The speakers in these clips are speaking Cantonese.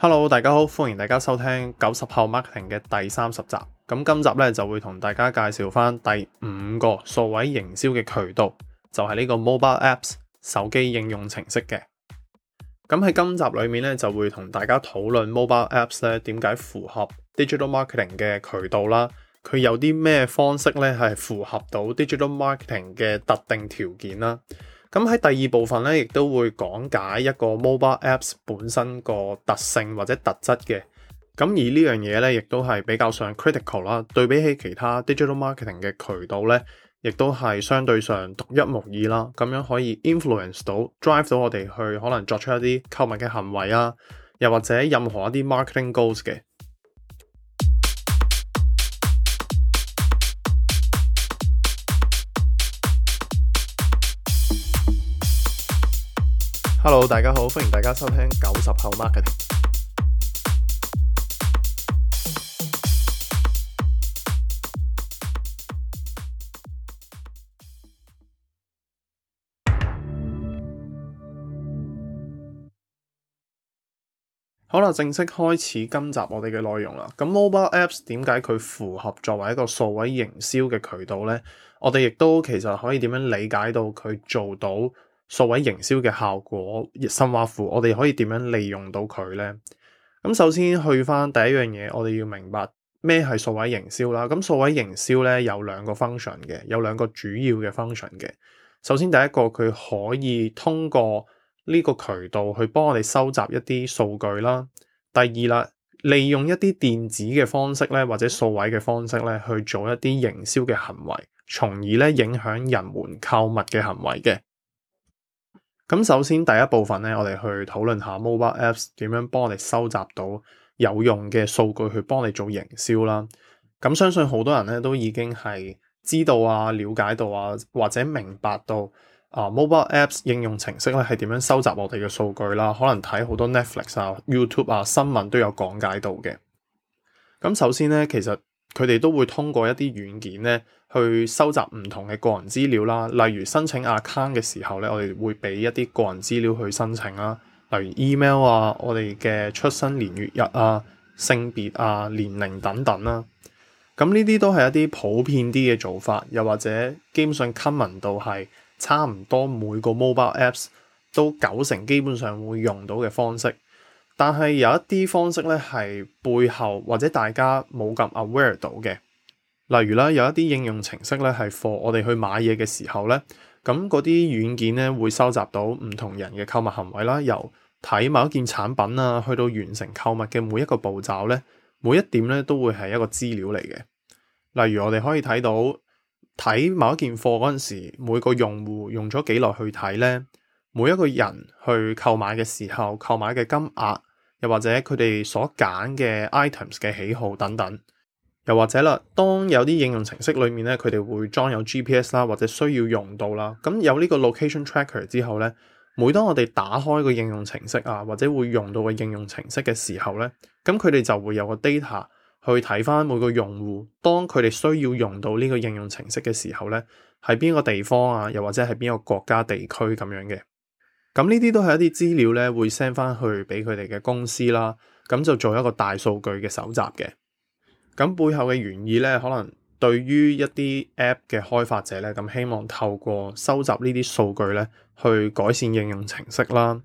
Hello，大家好，歡迎大家收聽九十後 marketing 嘅第三十集。咁今集咧就會同大家介紹翻第五個數位營銷嘅渠道，就係呢個 mobile apps 手機應用程式嘅。咁喺今集裏面咧就會同大家討論 mobile apps 咧點解符合 digital marketing 嘅渠道啦。佢有啲咩方式咧係符合到 digital marketing 嘅特定條件啦？咁喺第二部分咧，亦都會講解一個 mobile apps 本身個特性或者特質嘅。咁而呢樣嘢咧，亦都係比較上 critical 啦。對比起其他 digital marketing 嘅渠道咧，亦都係相對上獨一無二啦。咁樣可以 influence 到、drive 到我哋去可能作出一啲購物嘅行為啊，又或者任何一啲 marketing goals 嘅。Hello，大家好，歡迎大家收聽九十後 marketing。好啦，正式開始今集我哋嘅內容啦。咁 mobile apps 點解佢符合作為一個數位營銷嘅渠道呢？我哋亦都其實可以點樣理解到佢做到？數位營銷嘅效果甚或乎，我哋可以點樣利用到佢呢？咁首先去翻第一樣嘢，我哋要明白咩係數位營銷啦。咁數位營銷咧有兩個 function 嘅，有兩個主要嘅 function 嘅。首先第一個，佢可以通過呢個渠道去幫我哋收集一啲數據啦。第二啦，利用一啲電子嘅方式咧，或者數位嘅方式咧，去做一啲營銷嘅行為，從而咧影響人們購物嘅行為嘅。咁首先第一部分咧，我哋去討論下 mobile apps 點樣幫我哋收集到有用嘅數據，去幫你做營銷啦。咁相信好多人咧都已經係知道啊、了解到啊，或者明白到啊、uh，mobile apps 應用程式咧係點樣收集我哋嘅數據啦。可能睇好多 Netflix 啊、YouTube 啊、新聞都有講解到嘅。咁首先咧，其實。佢哋都會通過一啲軟件咧，去收集唔同嘅個人資料啦，例如申請 account 嘅時候咧，我哋會俾一啲個人資料去申請啦，例如 email 啊，我哋嘅出生年月日啊、性別啊、年齡等等啦、啊。咁呢啲都係一啲普遍啲嘅做法，又或者基本上 common 度係差唔多每個 mobile apps 都九成基本上會用到嘅方式。但係有一啲方式咧，係背後或者大家冇咁 aware 到嘅。例如咧，有一啲應用程式咧，係 for 我哋去買嘢嘅時候咧，咁嗰啲軟件咧會收集到唔同人嘅購物行為啦。由睇某一件產品啊，去到完成購物嘅每一個步驟咧，每一點咧都會係一個資料嚟嘅。例如我哋可以睇到睇某一件貨嗰陣時，每個用戶用咗幾耐去睇咧，每一個人去購買嘅時候，購買嘅金額。又或者佢哋所揀嘅 items 嘅喜好等等，又或者啦，當有啲應用程式裏面咧，佢哋會裝有 GPS 啦，或者需要用到啦，咁有呢個 location tracker 之後咧，每當我哋打開個應用程式啊，或者會用到個應用程式嘅時候咧，咁佢哋就會有個 data 去睇翻每個用戶當佢哋需要用到呢個應用程式嘅時候咧，喺邊個地方啊，又或者係邊個國家地區咁樣嘅。咁呢啲都係一啲資料咧，會 send 翻去俾佢哋嘅公司啦，咁就做一個大數據嘅搜集嘅。咁背後嘅原意咧，可能對於一啲 App 嘅開發者咧，咁希望透過收集呢啲數據咧，去改善應用程式啦。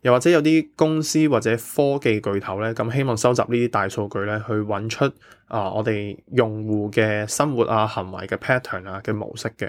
又或者有啲公司或者科技巨頭咧，咁希望收集呢啲大數據咧，去揾出啊、呃、我哋用戶嘅生活啊、行為嘅 pattern 啊嘅模式嘅。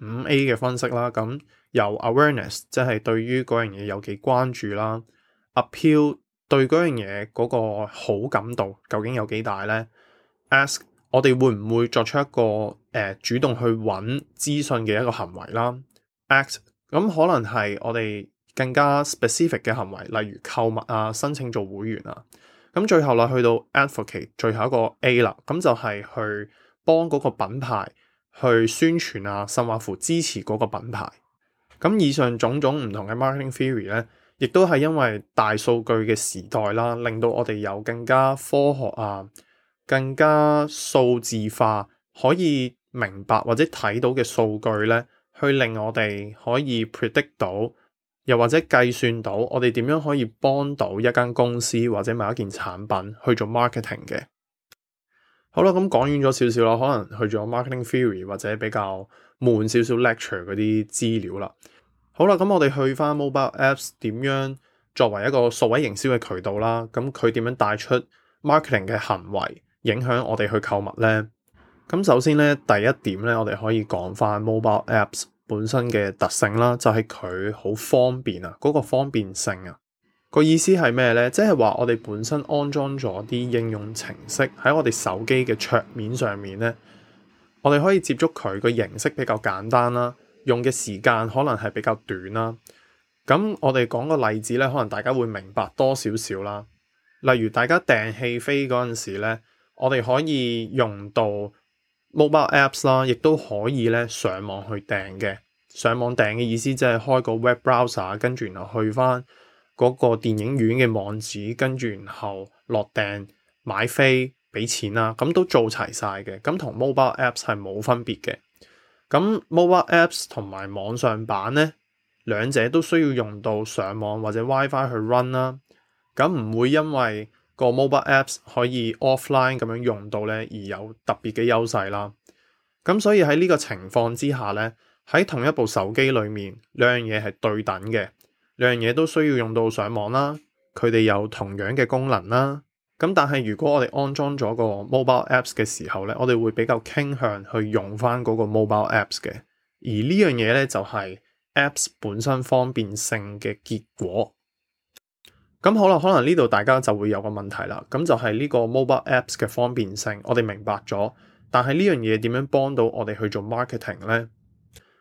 五 A 嘅分析啦，咁由 awareness 即係對於嗰樣嘢有幾關注啦，appeal 對嗰樣嘢嗰個好感度究竟有幾大呢？Ask 我哋會唔會作出一個誒、呃、主動去揾資訊嘅一個行為啦？Act 咁可能係我哋更加 specific 嘅行為，例如購物啊、申請做會員啊。咁最後啦，去到 advocate 最後一個 A 啦，咁就係去幫嗰個品牌。去宣傳啊，甚或乎支持嗰個品牌。咁以上種種唔同嘅 marketing theory 咧，亦都係因為大數據嘅時代啦，令到我哋有更加科學啊、更加數字化，可以明白或者睇到嘅數據咧，去令我哋可以 predict 到，又或者計算到我哋點樣可以幫到一間公司或者某一件產品去做 marketing 嘅。好啦，咁講遠咗少少啦，可能去咗 marketing theory 或者比較悶少少 lecture 嗰啲資料啦。好啦，咁我哋去翻 mobile apps 點樣作為一個數位營銷嘅渠道啦。咁佢點樣帶出 marketing 嘅行為，影響我哋去購物呢？咁首先呢，第一點呢，我哋可以講翻 mobile apps 本身嘅特性啦，就係佢好方便啊，嗰、那個方便性啊。個意思係咩呢？即係話我哋本身安裝咗啲應用程式喺我哋手機嘅桌面上面呢我哋可以接觸佢個形式比較簡單啦，用嘅時間可能係比較短啦。咁我哋講個例子呢，可能大家會明白多少少啦。例如大家訂戲飛嗰陣時呢，我哋可以用到 mobile apps 啦，亦都可以呢上網去訂嘅。上網訂嘅意思即係開個 web browser，跟住然後去返。嗰個電影院嘅網址，跟住然後落訂買飛俾錢啦，咁都做齊晒嘅，咁同 mobile apps 係冇分別嘅。咁 mobile apps 同埋網上版呢，兩者都需要用到上網或者 WiFi 去 run 啦，啊。咁唔會因為個 mobile apps 可以 offline 咁樣用到呢而有特別嘅優勢啦。咁所以喺呢個情況之下呢，喺同一部手機裡面兩樣嘢係對等嘅。兩樣嘢都需要用到上網啦，佢哋有同樣嘅功能啦。咁但係如果我哋安裝咗個 mobile apps 嘅時候呢，我哋會比較傾向去用翻嗰個 mobile apps 嘅。而呢樣嘢呢，就係 apps 本身方便性嘅結果。咁好啦，可能呢度大家就會有個問題啦。咁就係呢個 mobile apps 嘅方便性，我哋明白咗，但係呢樣嘢點樣幫到我哋去做 marketing 呢？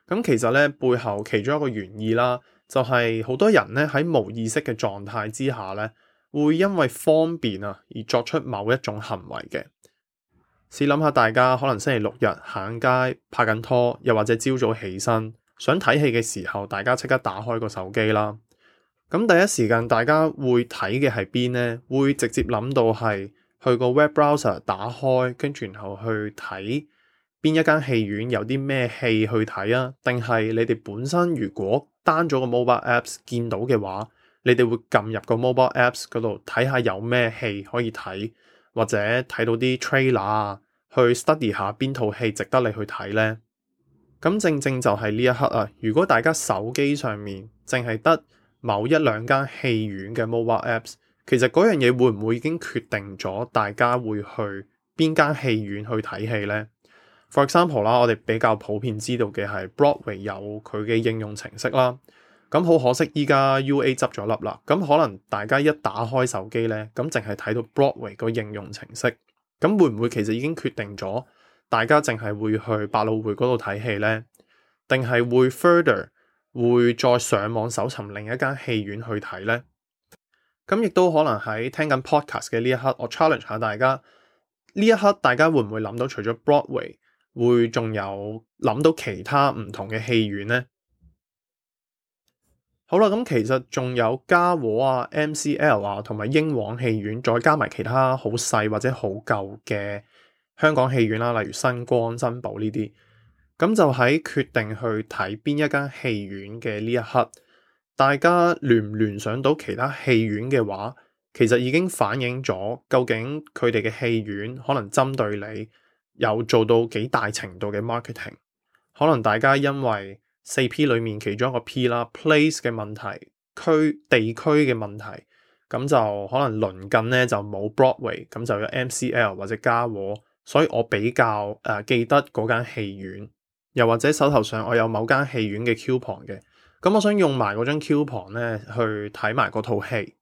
咁其實呢，背後其中一個原意啦。就係好多人咧喺無意識嘅狀態之下咧，會因為方便啊而作出某一種行為嘅。試諗下，大家可能星期六日行街拍緊拖，又或者朝早起身想睇戲嘅時候，大家即刻打開個手機啦。咁第一時間大家會睇嘅係邊呢？會直接諗到係去個 web browser 打開，跟住然後去睇邊一間戲院有啲咩戲去睇啊？定係你哋本身如果，刪咗個 mobile apps，見到嘅話，你哋會撳入個 mobile apps 嗰度睇下有咩戲可以睇，或者睇到啲 trailer 啊，去 study 下邊套戲值得你去睇呢。咁正正就係呢一刻啊！如果大家手機上面淨係得某一兩間戲院嘅 mobile apps，其實嗰樣嘢會唔會已經決定咗大家會去邊間戲院去睇戲呢？For example 啦，我哋比較普遍知道嘅係 Broadway 有佢嘅應用程式啦。咁好可惜，依家 UA 執咗笠啦。咁可能大家一打開手機呢，咁淨係睇到 Broadway 個應用程式，咁會唔會其實已經決定咗大家淨係會去百老匯嗰度睇戲呢？定係會 further 會再上網搜尋另一間戲院去睇呢？咁亦都可能喺聽緊 podcast 嘅呢一刻，我 challenge 下大家，呢一刻大家會唔會諗到除咗 Broadway？會仲有諗到其他唔同嘅戲院呢？好啦，咁其實仲有嘉禾啊、MCL 啊，同埋英皇戲院，再加埋其他好細或者好舊嘅香港戲院啦、啊，例如新光、新寶呢啲。咁就喺決定去睇邊一間戲院嘅呢一刻，大家聯唔聯想到其他戲院嘅話，其實已經反映咗究竟佢哋嘅戲院可能針對你。有做到幾大程度嘅 marketing，可能大家因為四 P 裏面其中一個 P 啦，place 嘅問題，區地區嘅問題，咁就可能鄰近呢就冇 Broadway，咁就有 MCL 或者嘉禾，所以我比較誒、呃、記得嗰間戲院，又或者手頭上我有某間戲院嘅 coupon 嘅，咁我想用埋嗰張 coupon 呢去睇埋嗰套戲，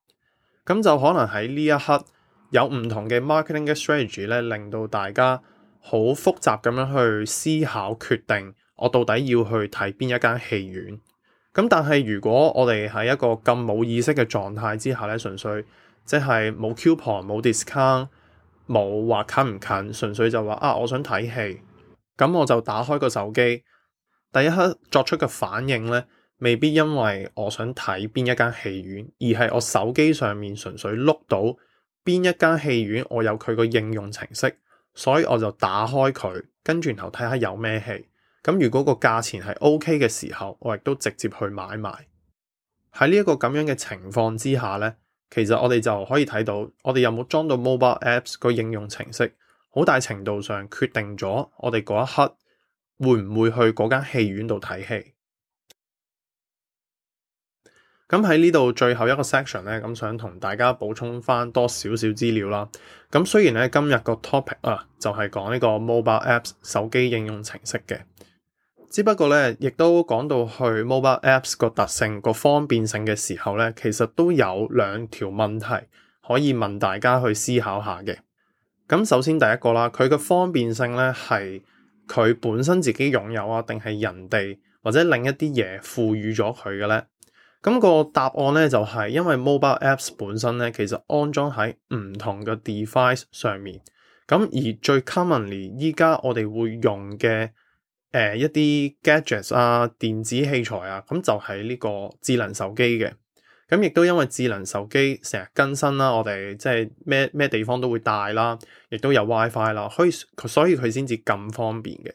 咁就可能喺呢一刻有唔同嘅 marketing 嘅 strategy 呢，令到大家，好複雜咁樣去思考決定，我到底要去睇邊一間戲院？咁但係如果我哋喺一個咁冇意識嘅狀態之下咧，純粹即係冇 coupon、冇 discount、冇話近唔近，純粹就話啊，我想睇戲，咁我就打開個手機，第一刻作出嘅反應咧，未必因為我想睇邊一間戲院，而係我手機上面純粹碌到邊一間戲院，我有佢個應用程式。所以我就打開佢，跟住然後睇下有咩戲。咁如果個價錢係 OK 嘅時候，我亦都直接去買埋。喺呢一個咁樣嘅情況之下咧，其實我哋就可以睇到，我哋有冇裝到 mobile apps 個應用程式，好大程度上決定咗我哋嗰一刻會唔會去嗰間戲院度睇戲。咁喺呢度最後一個 section 咧，咁想同大家補充翻多少少資料啦。咁雖然咧今日個 topic 啊、呃，就係講呢個 mobile apps 手機應用程式嘅，只不過咧亦都講到去 mobile apps 個特性個方便性嘅時候咧，其實都有兩條問題可以問大家去思考下嘅。咁首先第一個啦，佢嘅方便性咧係佢本身自己擁有啊，定係人哋或者另一啲嘢賦予咗佢嘅咧？咁個答案咧就係、是、因為 mobile apps 本身咧其實安裝喺唔同嘅 device 上面，咁而最 commonly 依家我哋會用嘅誒、呃、一啲 gadgets 啊、電子器材啊，咁就係、是、呢個智能手機嘅，咁亦都因為智能手機成日更新啦，我哋即係咩咩地方都會帶啦，亦都有 WiFi 啦，可以所以佢先至咁方便嘅，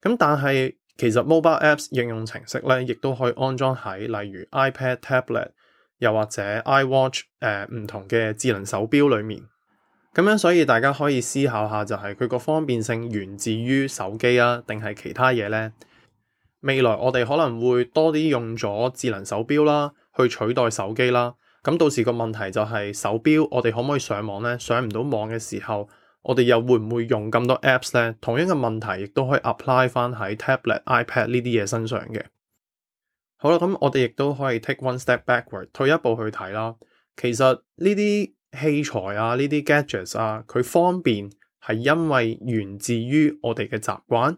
咁但係。其實 mobile apps 應用程式咧，亦都可以安裝喺例如 iPad、tablet，又或者 iWatch，誒、呃、唔同嘅智能手錶裏面。咁樣，所以大家可以思考下，就係佢個方便性源自於手機啊，定係其他嘢呢？未來我哋可能會多啲用咗智能手錶啦，去取代手機啦。咁到時個問題就係，手錶我哋可唔可以上網呢？上唔到網嘅時候。我哋又會唔會用咁多 apps 呢？同樣嘅問題亦都可以 apply 翻喺 tablet、iPad 呢啲嘢身上嘅。好啦，咁我哋亦都可以 take one step backward，退一步去睇啦。其實呢啲器材啊、呢啲 gadgets 啊，佢方便係因為源自於我哋嘅習慣。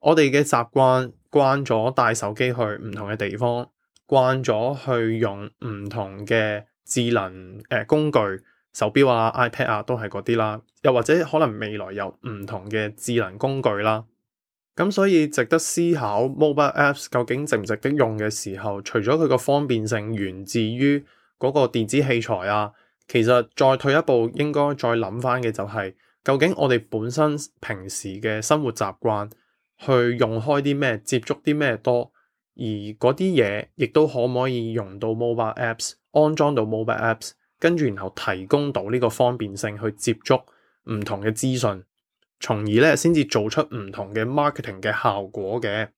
我哋嘅習慣慣咗帶手機去唔同嘅地方，慣咗去用唔同嘅智能誒、呃、工具。手錶啊、iPad 啊，都係嗰啲啦。又或者可能未來有唔同嘅智能工具啦。咁所以值得思考 mobile apps 究竟值唔值得用嘅時候，除咗佢個方便性源自於嗰個電子器材啊，其實再退一步，應該再諗翻嘅就係、是，究竟我哋本身平時嘅生活習慣去用開啲咩、接觸啲咩多，而嗰啲嘢亦都可唔可以用到 mobile apps，安裝到 mobile apps。跟住，然後提供到呢個方便性去接觸唔同嘅資訊，從而咧先至做出唔同嘅 marketing 嘅效果嘅。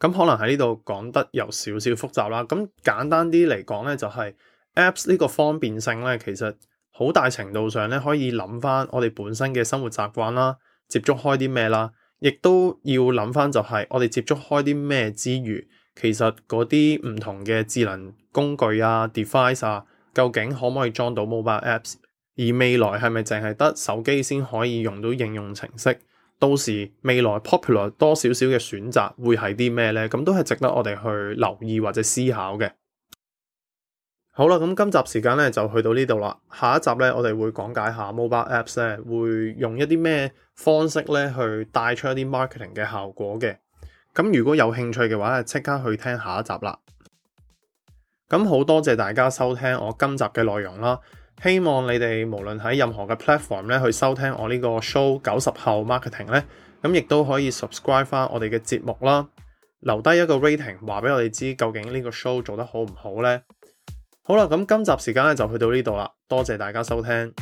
咁可能喺呢度講得有少少複雜啦。咁簡單啲嚟講咧，就係 apps 呢個方便性咧，其實好大程度上咧可以諗翻我哋本身嘅生活習慣啦，接觸開啲咩啦，亦都要諗翻就係我哋接觸開啲咩之餘，其實嗰啲唔同嘅智能工具啊、device 啊。究竟可唔可以裝到 mobile apps？而未來係咪淨係得手機先可以用到應用程式？到時未來 popular 多少少嘅選擇會係啲咩呢？咁都係值得我哋去留意或者思考嘅。好啦，咁今集時間咧就去到呢度啦。下一集咧，我哋會講解下 mobile apps 咧會用一啲咩方式咧去帶出一啲 marketing 嘅效果嘅。咁如果有興趣嘅話，即刻去聽下一集啦。咁好多謝大家收聽我今集嘅內容啦，希望你哋無論喺任何嘅 platform 咧去收聽我呢個 show 九十後 marketing 咧，咁亦都可以 subscribe 翻我哋嘅節目啦，留低一個 rating 話俾我哋知究竟呢個 show 做得好唔好咧。好啦，咁今集時間咧就去到呢度啦，多謝大家收聽。